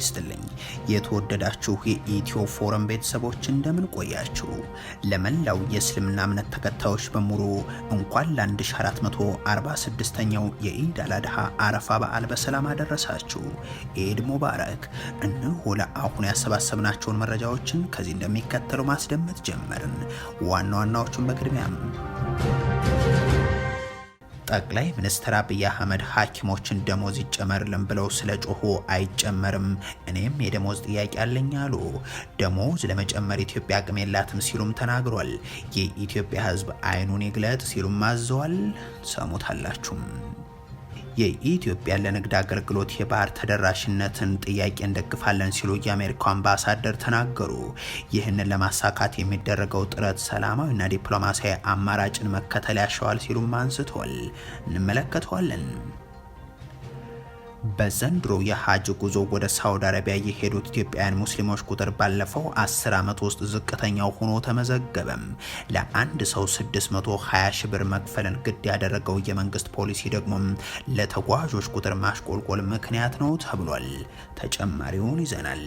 ይስጥልኝ። የተወደዳችሁ የኢትዮ ፎረም ቤተሰቦች እንደምን ቆያችሁ? ለመላው የእስልምና እምነት ተከታዮች በሙሉ እንኳን ለ1446ኛው የኢድ አላድሃ አረፋ በዓል በሰላም አደረሳችሁ። ኢድ ሙባረክ። እነሆ ለአሁኑ ያሰባሰብናቸውን መረጃዎችን ከዚህ እንደሚከተለው ማስደመጥ ጀመርን። ዋና ዋናዎቹን በቅድሚያም ጠቅላይ ሚኒስትር አብይ አህመድ ሐኪሞችን ደሞዝ ይጨመርልን ብለው ስለ ጮሁ አይጨመርም፣ እኔም የደሞዝ ጥያቄ አለኝ አሉ። ደሞዝ ለመጨመር ኢትዮጵያ አቅም የላትም ሲሉም ተናግሯል። የኢትዮጵያ ሕዝብ አይኑን ይግለጥ ሲሉም አዘዋል። ሰሙታላችሁም። የኢትዮጵያ ለንግድ አገልግሎት የባህር ተደራሽነትን ጥያቄ እንደግፋለን ሲሉ የአሜሪካው አምባሳደር ተናገሩ። ይህንን ለማሳካት የሚደረገው ጥረት ሰላማዊና ዲፕሎማሲያዊ አማራጭን መከተል ያሻዋል ሲሉም አንስቷል። እንመለከተዋለን። በዘንድሮ የሀጅ ጉዞ ወደ ሳውዲ አረቢያ የሄዱት ኢትዮጵያውያን ሙስሊሞች ቁጥር ባለፈው 10 ዓመት ውስጥ ዝቅተኛው ሆኖ ተመዘገበም። ለአንድ ሰው 620 ሺህ ብር መክፈልን ግድ ያደረገው የመንግስት ፖሊሲ ደግሞ ለተጓዦች ቁጥር ማሽቆልቆል ምክንያት ነው ተብሏል። ተጨማሪውን ይዘናል።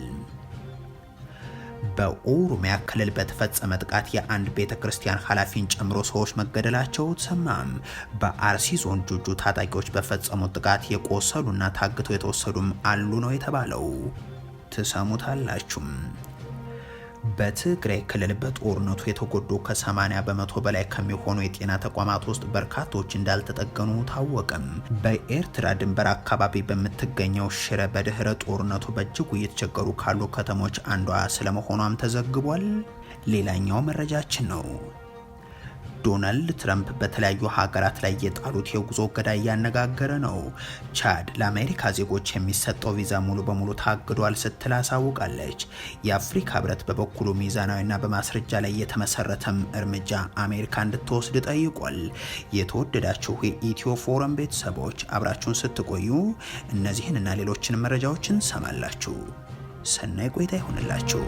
በኦሮሚያ ክልል በተፈጸመ ጥቃት የአንድ ቤተ ክርስቲያን ኃላፊን ጨምሮ ሰዎች መገደላቸው ተሰማም። በአርሲ ዞን ጁጁ ታጣቂዎች በፈጸሙት ጥቃት የቆሰሉና ታግተው የተወሰዱም አሉ ነው የተባለው። ትሰሙታላችሁም። በትግራይ ክልል በጦርነቱ የተጎዱ ከ80 በመቶ በላይ ከሚሆኑ የጤና ተቋማት ውስጥ በርካቶች እንዳልተጠገኑ ታወቀም። በኤርትራ ድንበር አካባቢ በምትገኘው ሽረ በድህረ ጦርነቱ በእጅጉ እየተቸገሩ ካሉ ከተሞች አንዷ ስለመሆኗም ተዘግቧል። ሌላኛው መረጃችን ነው። ዶናልድ ትራምፕ በተለያዩ ሀገራት ላይ የጣሉት የጉዞ እገዳ እያነጋገረ ነው። ቻድ ለአሜሪካ ዜጎች የሚሰጠው ቪዛ ሙሉ በሙሉ ታግዷል ስትል አሳውቃለች። የአፍሪካ ህብረት በበኩሉ ሚዛናዊና በማስረጃ ላይ የተመሰረተም እርምጃ አሜሪካ እንድትወስድ ጠይቋል። የተወደዳችሁ የኢትዮ ፎረም ቤተሰቦች አብራችሁን ስትቆዩ እነዚህን እና ሌሎችን መረጃዎችን ሰማላችሁ። ሰናይ ቆይታ ይሆንላችሁ።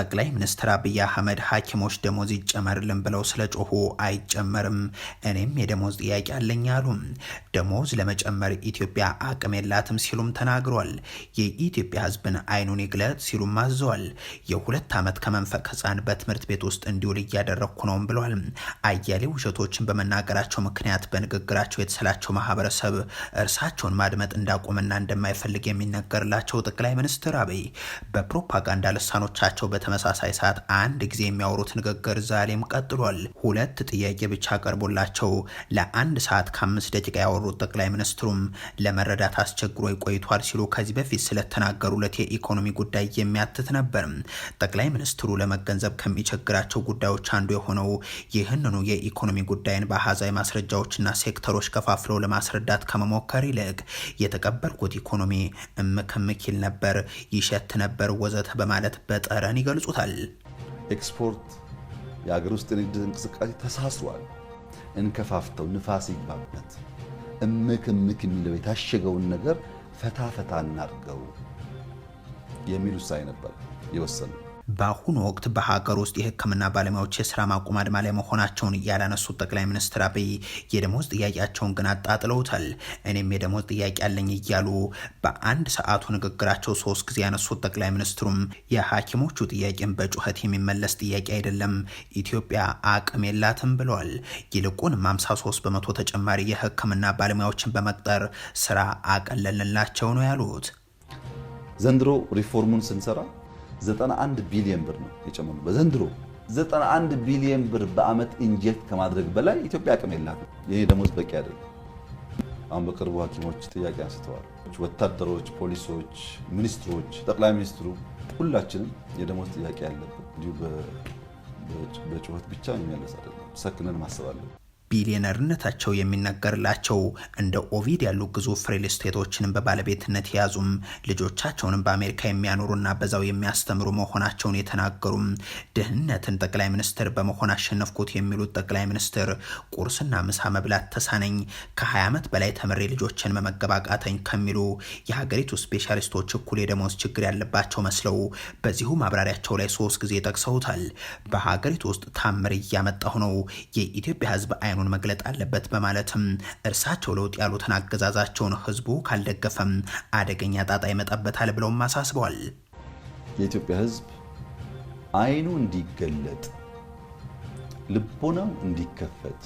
ጠቅላይ ሚኒስትር አብይ አህመድ ሐኪሞች ደሞዝ ይጨመርልን ብለው ስለ ጮሁ አይጨመርም፣ እኔም የደሞዝ ጥያቄ አለኝ አሉ። ደሞዝ ለመጨመር ኢትዮጵያ አቅም የላትም ሲሉም ተናግሯል። የኢትዮጵያ ሕዝብን አይኑን ይግለጥ ሲሉም አዘዋል። የሁለት ዓመት ከመንፈቅ ሕፃን በትምህርት ቤት ውስጥ እንዲውል እያደረግኩ ነውም ብለዋል። አያሌ ውሸቶችን በመናገራቸው ምክንያት በንግግራቸው የተሰላቸው ማህበረሰብ እርሳቸውን ማድመጥ እንዳቆምና እንደማይፈልግ የሚነገርላቸው ጠቅላይ ሚኒስትር አብይ በፕሮፓጋንዳ ልሳኖቻቸው በተ በተመሳሳይ ሰዓት አንድ ጊዜ የሚያወሩት ንግግር ዛሬም ቀጥሏል። ሁለት ጥያቄ ብቻ ቀርቦላቸው ለአንድ ሰዓት ከአምስት ደቂቃ ያወሩት ጠቅላይ ሚኒስትሩም ለመረዳት አስቸግሮ ቆይቷል ሲሉ ከዚህ በፊት ስለተናገሩለት የኢኮኖሚ ጉዳይ የሚያትት ነበር። ጠቅላይ ሚኒስትሩ ለመገንዘብ ከሚቸግራቸው ጉዳዮች አንዱ የሆነው ይህንኑ የኢኮኖሚ ጉዳይን በአሃዛዊ ማስረጃዎችና ሴክተሮች ከፋፍለው ለማስረዳት ከመሞከር ይልቅ የተቀበልኩት ኢኮኖሚ እምክምኪል ነበር፣ ይሸት ነበር፣ ወዘተ በማለት በጠረን ይገልጹታል። ኤክስፖርት የሀገር ውስጥ ንግድ እንቅስቃሴ ተሳስሯል። እንከፋፍተው ንፋስ ይግባበት፣ እምክ እምክ የሚለው የታሸገውን ነገር ፈታ ፈታ እናድርገው የሚል ውሳኔ ነበር የወሰኑ በአሁኑ ወቅት በሀገር ውስጥ የህክምና ባለሙያዎች የስራ ማቆም አድማ ላይ መሆናቸውን ያላነሱት ጠቅላይ ሚኒስትር አብይ የደሞዝ ጥያቄያቸውን ግን አጣጥለውታል። እኔም የደሞዝ ጥያቄ አለኝ እያሉ በአንድ ሰዓቱ ንግግራቸው ሶስት ጊዜ ያነሱት ጠቅላይ ሚኒስትሩም የሐኪሞቹ ጥያቄን በጩኸት የሚመለስ ጥያቄ አይደለም፣ ኢትዮጵያ አቅም የላትም ብለዋል። ይልቁንም 53 በመቶ ተጨማሪ የህክምና ባለሙያዎችን በመቅጠር ስራ አቀለልንላቸው ነው ያሉት። ዘንድሮ ሪፎርሙን ስንሰራ 91 ቢሊዮን ብር ነው የጨመሩ በዘንድሮ 91 ቢሊዮን ብር በዓመት ኢንጀክት ከማድረግ በላይ ኢትዮጵያ አቅም የላት። የኔ ደሞዝ በቂ አይደለም። አሁን በቅርቡ ሐኪሞች ጥያቄ አንስተዋል። ወታደሮች፣ ፖሊሶች፣ ሚኒስትሮች፣ ጠቅላይ ሚኒስትሩ ሁላችንም የደሞዝ ጥያቄ ያለብን እንዲሁ በጩኸት ብቻ የሚመለስ አይደለም። ሰክነን ማሰብ አለብን። ቢሊየነርነታቸው የሚነገርላቸው እንደ ኦቪድ ያሉ ግዙፍ ሪል ስቴቶችንም በባለቤትነት የያዙም ልጆቻቸውንም በአሜሪካ የሚያኖሩና በዛው የሚያስተምሩ መሆናቸውን የተናገሩም ድህነትን ጠቅላይ ሚኒስትር በመሆን አሸነፍኩት የሚሉት ጠቅላይ ሚኒስትር ቁርስና ምሳ መብላት ተሳነኝ፣ ከ20 ዓመት በላይ ተምሬ ልጆችን መመገብ አቃተኝ ከሚሉ የሀገሪቱ ስፔሻሊስቶች እኩል የደሞዝ ችግር ያለባቸው መስለው በዚሁ ማብራሪያቸው ላይ ሶስት ጊዜ ጠቅሰውታል። በሀገሪቱ ውስጥ ታምር እያመጣሁ ነው የኢትዮጵያ ህዝብ አይኑ መሆኑን መግለጥ አለበት በማለትም እርሳቸው ለውጥ ያሉትን አገዛዛቸውን ህዝቡ ካልደገፈም አደገኛ ጣጣ ይመጣበታል ብለውም አሳስበዋል። የኢትዮጵያ ህዝብ አይኑ እንዲገለጥ ልቦናው እንዲከፈት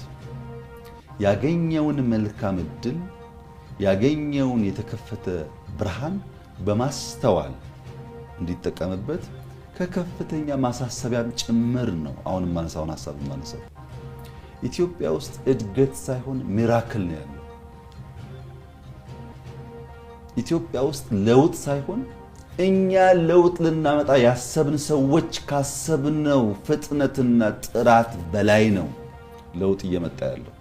ያገኘውን መልካም እድል ያገኘውን የተከፈተ ብርሃን በማስተዋል እንዲጠቀምበት ከከፍተኛ ማሳሰቢያም ጭምር ነው። አሁን ማነሳውን ሀሳብ ማነሳው ኢትዮጵያ ውስጥ እድገት ሳይሆን ሚራክል ነው ያለው። ኢትዮጵያ ውስጥ ለውጥ ሳይሆን እኛ ለውጥ ልናመጣ ያሰብን ሰዎች ካሰብነው ፍጥነትና ጥራት በላይ ነው ለውጥ እየመጣ ያለው።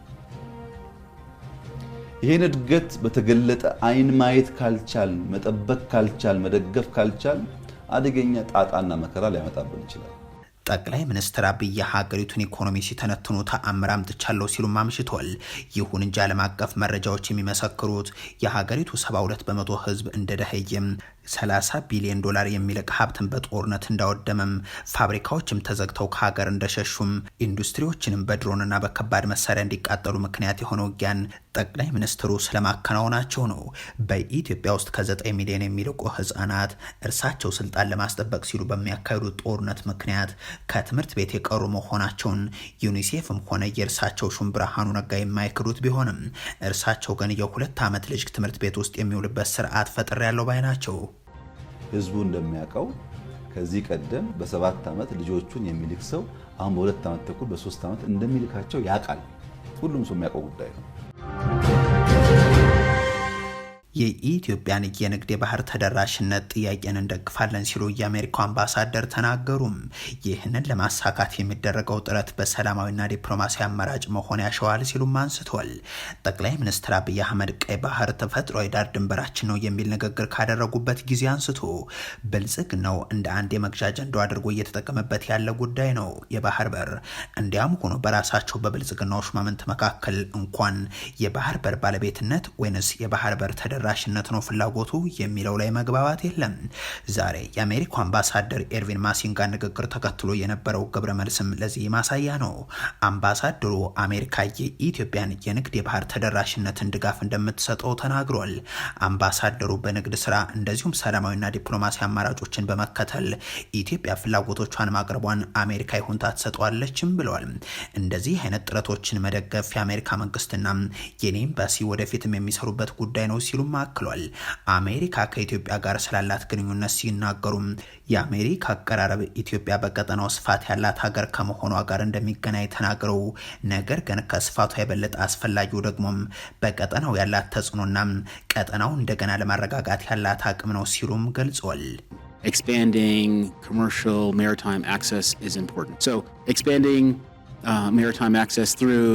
ይህን እድገት በተገለጠ አይን ማየት ካልቻል፣ መጠበቅ ካልቻል፣ መደገፍ ካልቻል አደገኛ ጣጣና መከራ ሊያመጣብን ይችላል። ጠቅላይ ሚኒስትር አብይ ሀገሪቱን ኢኮኖሚ ሲተነትኑ ተአምር አምጥቻለሁ ሲሉም አምሽቷል። ይሁን እንጂ ዓለም አቀፍ መረጃዎች የሚመሰክሩት የሀገሪቱ 72 በመቶ ህዝብ እንደደኸየም 30 ቢሊዮን ዶላር የሚልቅ ሀብትን በጦርነት እንዳወደመም ፋብሪካዎችም ተዘግተው ከሀገር እንደሸሹም ኢንዱስትሪዎችንም በድሮንና በከባድ መሳሪያ እንዲቃጠሉ ምክንያት የሆነ ውጊያን ጠቅላይ ሚኒስትሩ ስለማከናወናቸው ነው። በኢትዮጵያ ውስጥ ከ9 ሚሊዮን የሚልቁ ህጻናት እርሳቸው ስልጣን ለማስጠበቅ ሲሉ በሚያካሂዱት ጦርነት ምክንያት ከትምህርት ቤት የቀሩ መሆናቸውን ዩኒሴፍም ሆነ የእርሳቸው ሹም ብርሃኑ ነጋ የማይክዱት ቢሆንም እርሳቸው ግን የሁለት ዓመት ልጅ ትምህርት ቤት ውስጥ የሚውልበት ስርዓት ፈጥሬያለሁ ባይ ናቸው። ህዝቡ እንደሚያውቀው ከዚህ ቀደም በሰባት ዓመት ልጆቹን የሚልክ ሰው አሁን በሁለት ዓመት ተኩል በሶስት ዓመት እንደሚልካቸው ያውቃል። ሁሉም ሰው የሚያውቀው ጉዳይ ነው። የኢትዮጵያን የንግድ የባህር ተደራሽነት ጥያቄን እንደግፋለን ሲሉ የአሜሪካው አምባሳደር ተናገሩም። ይህንን ለማሳካት የሚደረገው ጥረት በሰላማዊና ዲፕሎማሲያዊ አማራጭ መሆን ያሸዋል ሲሉም አንስቷል። ጠቅላይ ሚኒስትር አብይ አህመድ ቀይ ባህር ተፈጥሮ የዳር ድንበራችን ነው የሚል ንግግር ካደረጉበት ጊዜ አንስቶ ብልጽግናው እንደ አንድ የመግዣ አጀንዳ አድርጎ እየተጠቀመበት ያለ ጉዳይ ነው የባህር በር። እንዲያም ሆኖ በራሳቸው በብልጽግናው ሹማምንት መካከል እንኳን የባህር በር ባለቤትነት ወይንስ የባህር በር ተደ ተደራሽነት ነው ፍላጎቱ የሚለው ላይ መግባባት የለም። ዛሬ የአሜሪካው አምባሳደር ኤርቪን ማሲንጋ ንግግር ተከትሎ የነበረው ግብረ መልስም ለዚህ ማሳያ ነው። አምባሳደሩ አሜሪካ የኢትዮጵያን የንግድ የባህር ተደራሽነትን ድጋፍ እንደምትሰጠው ተናግሯል። አምባሳደሩ በንግድ ስራ እንደዚሁም ሰላማዊና ዲፕሎማሲ አማራጮችን በመከተል ኢትዮጵያ ፍላጎቶቿን ማቅረቧን አሜሪካ ይሁንታ ትሰጠዋለችም ብለዋል። እንደዚህ አይነት ጥረቶችን መደገፍ የአሜሪካ መንግስትና የኔ ኤምባሲ ወደፊትም የሚሰሩበት ጉዳይ ነው ሲሉም አክሏል። አሜሪካ ከኢትዮጵያ ጋር ስላላት ግንኙነት ሲናገሩም የአሜሪካ አቀራረብ ኢትዮጵያ በቀጠናው ስፋት ያላት ሀገር ከመሆኗ ጋር እንደሚገናኝ ተናግረው፣ ነገር ግን ከስፋቷ የበለጠ አስፈላጊው ደግሞም በቀጠናው ያላት ተጽዕኖና ቀጠናው እንደገና ለማረጋጋት ያላት አቅም ነው ሲሉም ገልጿል። expanding commercial maritime access is important. So expanding uh, maritime access through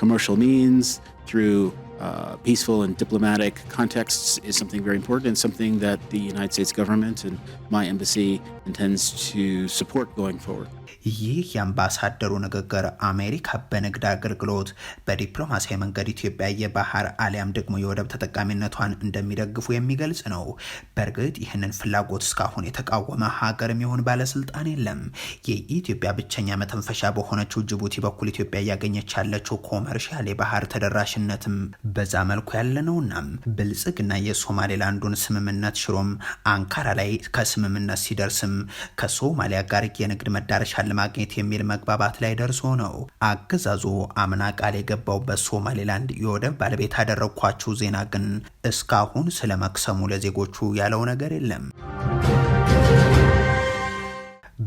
commercial means, through Uh, peaceful and diplomatic contexts is something very important and something that the United States government and my embassy intends to support going forward. ይህ የአምባሳደሩ ንግግር አሜሪካ በንግድ አገልግሎት በዲፕሎማሲያዊ መንገድ ኢትዮጵያ የባህር አሊያም ደግሞ የወደብ ተጠቃሚነቷን እንደሚደግፉ የሚገልጽ ነው። በእርግጥ ይህንን ፍላጎት እስካሁን የተቃወመ ሀገር የሚሆን ባለስልጣን የለም። የኢትዮጵያ ብቸኛ መተንፈሻ በሆነችው ጅቡቲ በኩል ኢትዮጵያ እያገኘች ያለችው ኮመርሻል የባህር ተደራሽነትም በዛ መልኩ ያለ ነውና ብልጽግና የሶማሌላንዱን ስምምነት ሽሮም አንካራ ላይ ከስምምነት ሲደርስም ከሶማሊያ ጋር የንግድ መዳረሻ መዳረሻን ለማግኘት የሚል መግባባት ላይ ደርሶ ነው አገዛዙ አምና ቃል የገባው በሶማሌላንድ የወደብ ባለቤት ያደረግኳችሁ ዜና ግን እስካሁን ስለ መክሰሙ ለዜጎቹ ያለው ነገር የለም።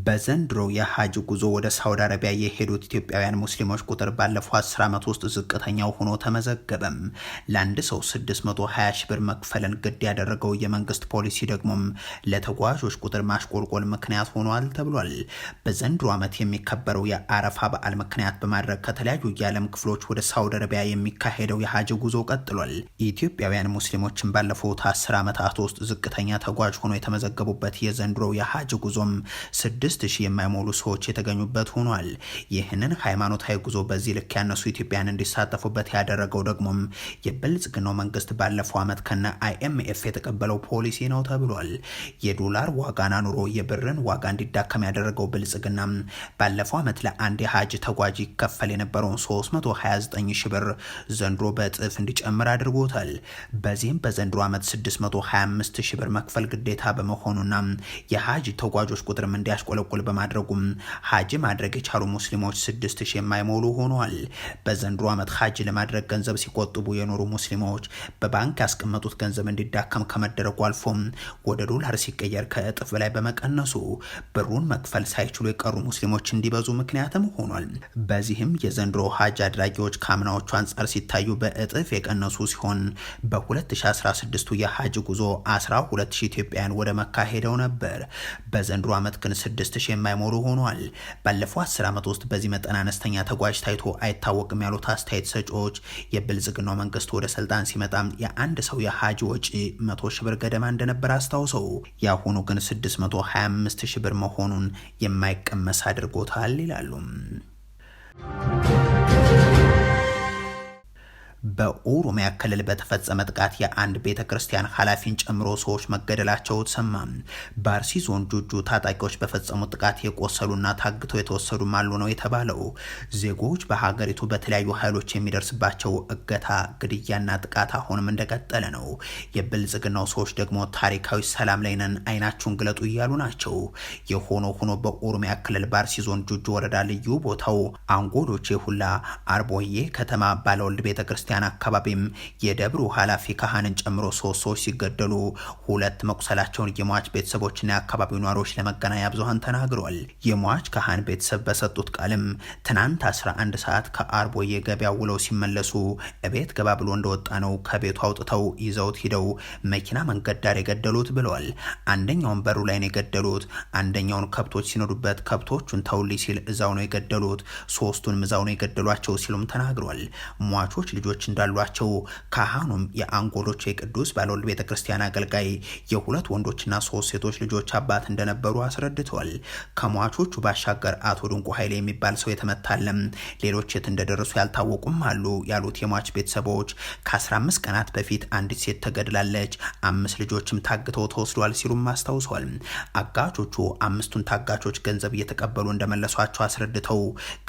በዘንድሮ የሀጅ ጉዞ ወደ ሳውዲ አረቢያ የሄዱት ኢትዮጵያውያን ሙስሊሞች ቁጥር ባለፈው 10 ዓመት ውስጥ ዝቅተኛው ሆኖ ተመዘገበም። ለአንድ ሰው 620 ሺህ ብር መክፈልን ግድ ያደረገው የመንግስት ፖሊሲ ደግሞም ለተጓዦች ቁጥር ማሽቆልቆል ምክንያት ሆኗል ተብሏል። በዘንድሮ ዓመት የሚከበረው የአረፋ በዓል ምክንያት በማድረግ ከተለያዩ የዓለም ክፍሎች ወደ ሳውዲ አረቢያ የሚካሄደው የሀጅ ጉዞ ቀጥሏል። ኢትዮጵያውያን ሙስሊሞችን ባለፉት 10 ዓመታት ውስጥ ዝቅተኛ ተጓዥ ሆኖ የተመዘገቡበት የዘንድሮ የሀጅ ጉዞም ስድስት ሺህ የማይሞሉ ሰዎች የተገኙበት ሆኗል። ይህንን ሃይማኖታዊ ጉዞ በዚህ ልክ ያነሱ ኢትዮጵያን እንዲሳተፉበት ያደረገው ደግሞም የብልጽግናው መንግስት ባለፈው ዓመት ከነ አይኤምኤፍ የተቀበለው ፖሊሲ ነው ተብሏል። የዶላር ዋጋና ኑሮ የብርን ዋጋ እንዲዳከም ያደረገው ብልጽግና ባለፈው ዓመት ለአንድ የሀጅ ተጓዥ ይከፈል የነበረውን 329 ሺህ ብር ዘንድሮ በእጥፍ እንዲጨምር አድርጎታል። በዚህም በዘንድሮ ዓመት 625 ሺህ ብር መክፈል ግዴታ በመሆኑና የሀጅ ተጓዦች ቁጥርም እንዲያሽቆ እንዲያሽቆለቁል በማድረጉም ሀጅ ማድረግ የቻሉ ሙስሊሞች ስድስት የማይሞሉ ሆኗል። በዘንድሮ ዓመት ሀጅ ለማድረግ ገንዘብ ሲቆጥቡ የኖሩ ሙስሊሞች በባንክ ያስቀመጡት ገንዘብ እንዲዳከም ከመደረጉ አልፎም ወደ ዶላር ሲቀየር ከእጥፍ በላይ በመቀነሱ ብሩን መክፈል ሳይችሉ የቀሩ ሙስሊሞች እንዲበዙ ምክንያትም ሆኗል። በዚህም የዘንድሮ ሀጅ አድራጊዎች ከአምናዎቹ አንጻር ሲታዩ በእጥፍ የቀነሱ ሲሆን በ 2016 የሀጅ ጉዞ 12000 ኢትዮጵያውያን ወደ መካ ሄደው ነበር። በዘንድሮ ዓመት ግን ስድስት ሺህ የማይሞሩ ሆኗል። ባለፈው አስር ዓመት ውስጥ በዚህ መጠን አነስተኛ ተጓዥ ታይቶ አይታወቅም ያሉት አስተያየት ሰጪዎች የብልጽግናው መንግስት ወደ ስልጣን ሲመጣም የአንድ ሰው የሀጅ ወጪ መቶ ሺህ ብር ገደማ እንደነበር አስታውሰው የአሁኑ ግን 625 ሺህ ብር መሆኑን የማይቀመስ አድርጎታል ይላሉ። በኦሮሚያ ክልል በተፈጸመ ጥቃት የአንድ ቤተ ክርስቲያን ኃላፊን ጨምሮ ሰዎች መገደላቸው ተሰማ። በአርሲ ዞን ጁጁ ታጣቂዎች በፈጸሙት ጥቃት የቆሰሉና ታግተው የተወሰዱም አሉ ነው የተባለው። ዜጎች በሀገሪቱ በተለያዩ ኃይሎች የሚደርስባቸው እገታ፣ ግድያና ጥቃት አሁንም እንደቀጠለ ነው። የብልጽግናው ሰዎች ደግሞ ታሪካዊ ሰላም ላይ ነን አይናችሁን ግለጡ እያሉ ናቸው። የሆኖ ሆኖ በኦሮሚያ ክልል በአርሲ ዞን ጁጁ ወረዳ ልዩ ቦታው አንጎዶቼ ሁላ አርቦዬ ከተማ ባለወልድ ቤተክርስቲያን ክርስቲያን አካባቢም የደብሩ ኃላፊ ካህንን ጨምሮ ሶስት ሰዎች ሲገደሉ ሁለት መቁሰላቸውን የሟች ቤተሰቦችና የአካባቢው ነዋሪዎች ለመገናኛ ብዙሀን ተናግረዋል። የሟች ካህን ቤተሰብ በሰጡት ቃልም ትናንት 11 ሰዓት ከአርቦ የገበያ ውለው ሲመለሱ እቤት ገባ ብሎ እንደወጣ ነው ከቤቱ አውጥተው ይዘውት ሂደው መኪና መንገድ ዳር የገደሉት ብለዋል። አንደኛውን በሩ ላይ ነው የገደሉት። አንደኛውን ከብቶች ሲነዱበት ከብቶቹን ተውልይ ሲል እዛው ነው የገደሉት። ሶስቱን ምዛው ነው የገደሏቸው ሲሉም ተናግሯል። ሟቾች ልጆች ልጆች እንዳሏቸው ካህኑም የአንጎሎች የቅዱስ ባለወልድ ቤተ ክርስቲያን አገልጋይ የሁለት ወንዶችና ሶስት ሴቶች ልጆች አባት እንደነበሩ አስረድተዋል። ከሟቾቹ ባሻገር አቶ ድንቁ ኃይሌ የሚባል ሰው የተመታለም፣ ሌሎች የት እንደደረሱ ያልታወቁም አሉ ያሉት የሟች ቤተሰቦች ከ15 ቀናት በፊት አንዲት ሴት ተገድላለች፣ አምስት ልጆችም ታግተው ተወስዷል ሲሉም አስታውሰዋል። አጋቾቹ አምስቱን ታጋቾች ገንዘብ እየተቀበሉ እንደመለሷቸው አስረድተው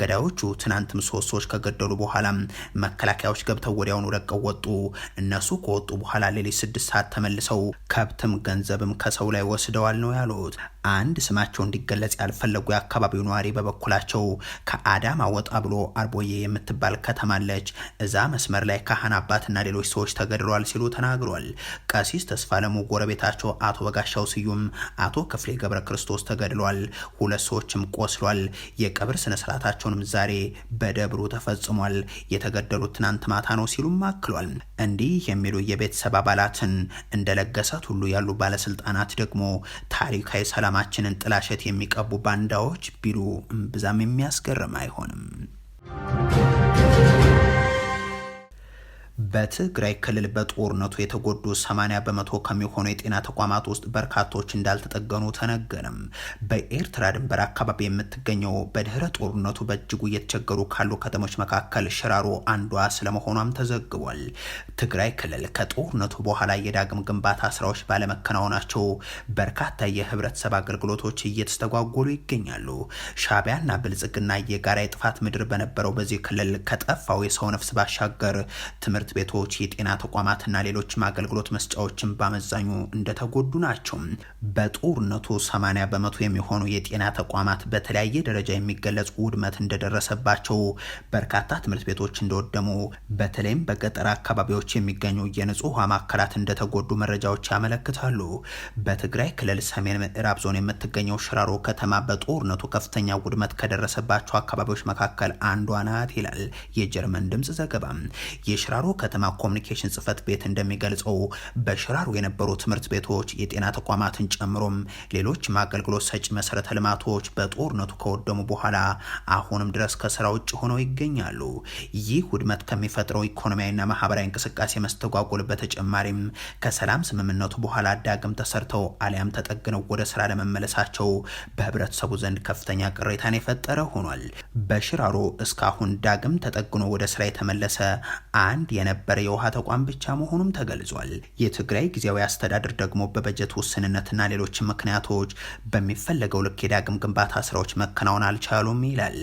ገዳዮቹ ትናንትም ሶስት ሰዎች ከገደሉ በኋላ መከላከያዎች ገብተው ገብተው ወዲያውኑ ወጡ። እነሱ ከወጡ በኋላ ሌሊት ስድስት ሰዓት ተመልሰው ከብትም ገንዘብም ከሰው ላይ ወስደዋል ነው ያሉት። አንድ ስማቸው እንዲገለጽ ያልፈለጉ የአካባቢው ነዋሪ በበኩላቸው ከአዳማ ወጣ ብሎ አርቦዬ የምትባል ከተማለች እዛ መስመር ላይ ካህን አባትና ሌሎች ሰዎች ተገድለዋል ሲሉ ተናግሯል። ቀሲስ ተስፋ ለሙ ጎረቤታቸው አቶ በጋሻው ስዩም፣ አቶ ክፍሌ ገብረ ክርስቶስ ተገድሏል፣ ሁለት ሰዎችም ቆስሏል። የቀብር ስነስርዓታቸውንም ዛሬ በደብሩ ተፈጽሟል። የተገደሉት ትናንት ማታ ነው ሲሉም አክሏል። እንዲህ የሚሉ የቤተሰብ አባላትን እንደለገሳት ሁሉ ያሉ ባለስልጣናት ደግሞ ታሪካዊ ሰላማችንን ጥላሸት የሚቀቡ ባንዳዎች ቢሉ እምብዛም የሚያስገርም አይሆንም። በትግራይ ክልል በጦርነቱ የተጎዱ 80 በመቶ ከሚሆኑ የጤና ተቋማት ውስጥ በርካቶች እንዳልተጠገኑ ተነገረም። በኤርትራ ድንበር አካባቢ የምትገኘው በድህረ ጦርነቱ በእጅጉ እየተቸገሩ ካሉ ከተሞች መካከል ሽራሮ አንዷ ስለመሆኗም ተዘግቧል። ትግራይ ክልል ከጦርነቱ በኋላ የዳግም ግንባታ ስራዎች ባለመከናወናቸው በርካታ የህብረተሰብ አገልግሎቶች እየተስተጓጎሉ ይገኛሉ። ሻቢያና ብልጽግና የጋራ የጥፋት ምድር በነበረው በዚህ ክልል ከጠፋው የሰው ነፍስ ባሻገር ትምህርት ትምህርት ቤቶች፣ የጤና ተቋማትና ሌሎችም አገልግሎት መስጫዎችን በአመዛኙ እንደተጎዱ ናቸው። በጦርነቱ 80 በመቶ የሚሆኑ የጤና ተቋማት በተለያየ ደረጃ የሚገለጹ ውድመት እንደደረሰባቸው፣ በርካታ ትምህርት ቤቶች እንደወደሙ፣ በተለይም በገጠር አካባቢዎች የሚገኙ የንጹህ ውሃ ማዕከላት እንደተጎዱ መረጃዎች ያመለክታሉ። በትግራይ ክልል ሰሜን ምዕራብ ዞን የምትገኘው ሽራሮ ከተማ በጦርነቱ ከፍተኛ ውድመት ከደረሰባቸው አካባቢዎች መካከል አንዷ ናት ይላል የጀርመን ድምፅ ዘገባ። የሽራሮ ከተማ ኮሚኒኬሽን ጽህፈት ቤት እንደሚገልጸው በሽራሮ የነበሩ ትምህርት ቤቶች፣ የጤና ተቋማትን ጨምሮም ሌሎችም አገልግሎት ሰጪ መሰረተ ልማቶች በጦርነቱ ከወደሙ በኋላ አሁንም ድረስ ከስራ ውጭ ሆነው ይገኛሉ። ይህ ውድመት ከሚፈጥረው ኢኮኖሚያዊና ማህበራዊ እንቅስቃሴ መስተጓጎል በተጨማሪም ከሰላም ስምምነቱ በኋላ ዳግም ተሰርተው አሊያም ተጠግነው ወደ ስራ ለመመለሳቸው በህብረተሰቡ ዘንድ ከፍተኛ ቅሬታን የፈጠረ ሆኗል። በሽራሮ እስካሁን ዳግም ተጠግኖ ወደ ስራ የተመለሰ አንድ የነበረ የውሃ ተቋም ብቻ መሆኑም ተገልጿል። የትግራይ ጊዜያዊ አስተዳደር ደግሞ በበጀት ውስንነትና ሌሎች ምክንያቶች በሚፈለገው ልክ የዳግም ግንባታ ስራዎች መከናወን አልቻሉም ይላል።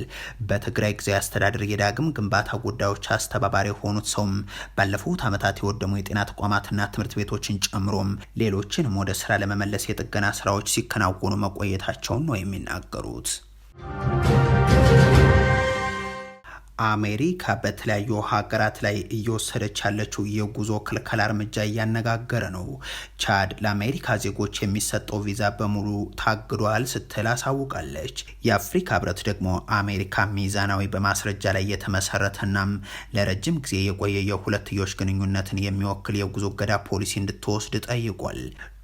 በትግራይ ጊዜያዊ አስተዳደር የዳግም ግንባታ ጉዳዮች አስተባባሪ የሆኑት ሰውም ባለፉት ዓመታት የወደሙ የጤና ተቋማትና ትምህርት ቤቶችን ጨምሮም ሌሎችንም ወደ ስራ ለመመለስ የጥገና ስራዎች ሲከናወኑ መቆየታቸውን ነው የሚናገሩት። አሜሪካ በተለያዩ ሀገራት ላይ እየወሰደች ያለችው የጉዞ ክልከላ እርምጃ እያነጋገረ ነው። ቻድ ለአሜሪካ ዜጎች የሚሰጠው ቪዛ በሙሉ ታግዷል ስትል አሳውቃለች። የአፍሪካ ህብረት ደግሞ አሜሪካ ሚዛናዊ በማስረጃ ላይ የተመሰረተናም ለረጅም ጊዜ የቆየ የሁለትዮሽ ግንኙነትን የሚወክል የጉዞ እገዳ ፖሊሲ እንድትወስድ ጠይቋል።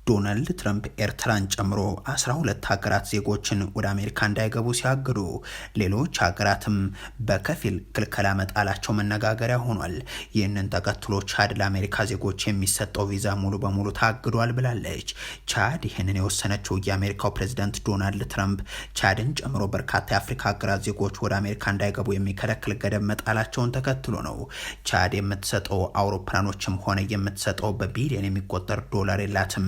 ዶናልድ ትራምፕ ኤርትራን ጨምሮ 12 ሀገራት ዜጎችን ወደ አሜሪካ እንዳይገቡ ሲያግዱ ሌሎች ሀገራትም በከፊል ክልከላ መጣላቸው መነጋገሪያ ሆኗል። ይህንን ተከትሎ ቻድ ለአሜሪካ ዜጎች የሚሰጠው ቪዛ ሙሉ በሙሉ ታግዷል ብላለች። ቻድ ይህንን የወሰነችው የአሜሪካው ፕሬዚደንት ዶናልድ ትራምፕ ቻድን ጨምሮ በርካታ የአፍሪካ ሀገራት ዜጎች ወደ አሜሪካ እንዳይገቡ የሚከለክል ገደብ መጣላቸውን ተከትሎ ነው። ቻድ የምትሰጠው አውሮፕላኖችም ሆነ የምትሰጠው በቢሊዮን የሚቆጠር ዶላር የላትም።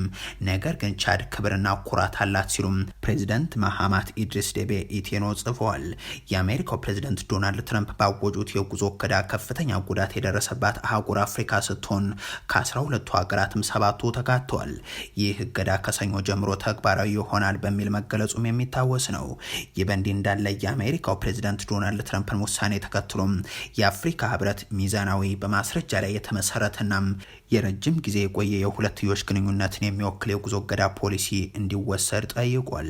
ነገር ግን ቻድ ክብርና ኩራት አላት ሲሉም ፕሬዚደንት ማሃማት ኢድሪስ ዴቤ ኢቴኖ ጽፈዋል። የአሜሪካው ፕሬዚደንት ዶናልድ ትራምፕ ባወጁት የጉዞ እገዳ ከፍተኛ ጉዳት የደረሰባት አህጉር አፍሪካ ስትሆን ከአስራ ሁለቱ ሀገራትም ሰባቱ ተካተዋል። ይህ እገዳ ከሰኞ ጀምሮ ተግባራዊ ይሆናል በሚል መገለጹም የሚታወስ ነው። ይህ በእንዲህ እንዳለ የአሜሪካው ፕሬዚደንት ዶናልድ ትራምፕን ውሳኔ ተከትሎም የአፍሪካ ህብረት ሚዛናዊ በማስረጃ ላይ የተመሰረተና የረጅም ጊዜ የቆየ የሁለትዮሽ ግንኙነትን የሚወ የሚወክል የጉዞ እገዳ ፖሊሲ እንዲወሰድ ጠይቋል።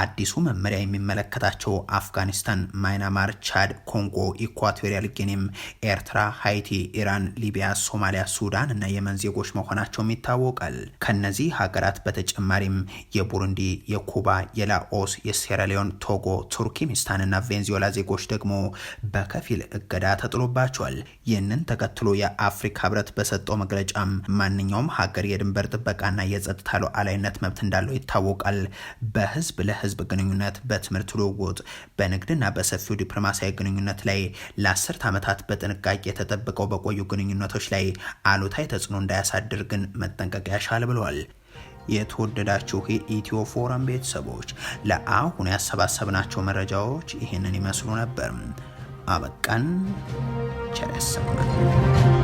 አዲሱ መመሪያ የሚመለከታቸው አፍጋኒስታን፣ ማይናማር፣ ቻድ፣ ኮንጎ፣ ኢኳቶሪያል ጊኒም፣ ኤርትራ፣ ሃይቲ፣ ኢራን፣ ሊቢያ፣ ሶማሊያ፣ ሱዳን እና የመን ዜጎች መሆናቸውም ይታወቃል። ከነዚህ ሀገራት በተጨማሪም የቡሩንዲ፣ የኩባ፣ የላኦስ፣ የሴራሊዮን፣ ቶጎ፣ ቱርኪሚስታን እና ቬንዙዌላ ዜጎች ደግሞ በከፊል እገዳ ተጥሎባቸዋል። ይህንን ተከትሎ የአፍሪካ ህብረት በሰጠው መግለጫም ማንኛውም ሀገር የድንበር ጥበቃና የጸጥ የጸጥታ ሉዓላዊነት መብት እንዳለው ይታወቃል። በህዝብ ለህዝብ ግንኙነት፣ በትምህርት ልውውጥ፣ በንግድና በሰፊው ዲፕሎማሲያዊ ግንኙነት ላይ ለአስርት ዓመታት በጥንቃቄ ተጠብቀው በቆዩ ግንኙነቶች ላይ አሉታዊ ተጽዕኖ እንዳያሳድር ግን መጠንቀቅ ያሻል ብለዋል። የተወደዳችሁ የኢትዮ ፎረም ቤተሰቦች ለአሁን ያሰባሰብናቸው መረጃዎች ይህንን ይመስሉ ነበር። አበቃን። ቸር ያሰማን።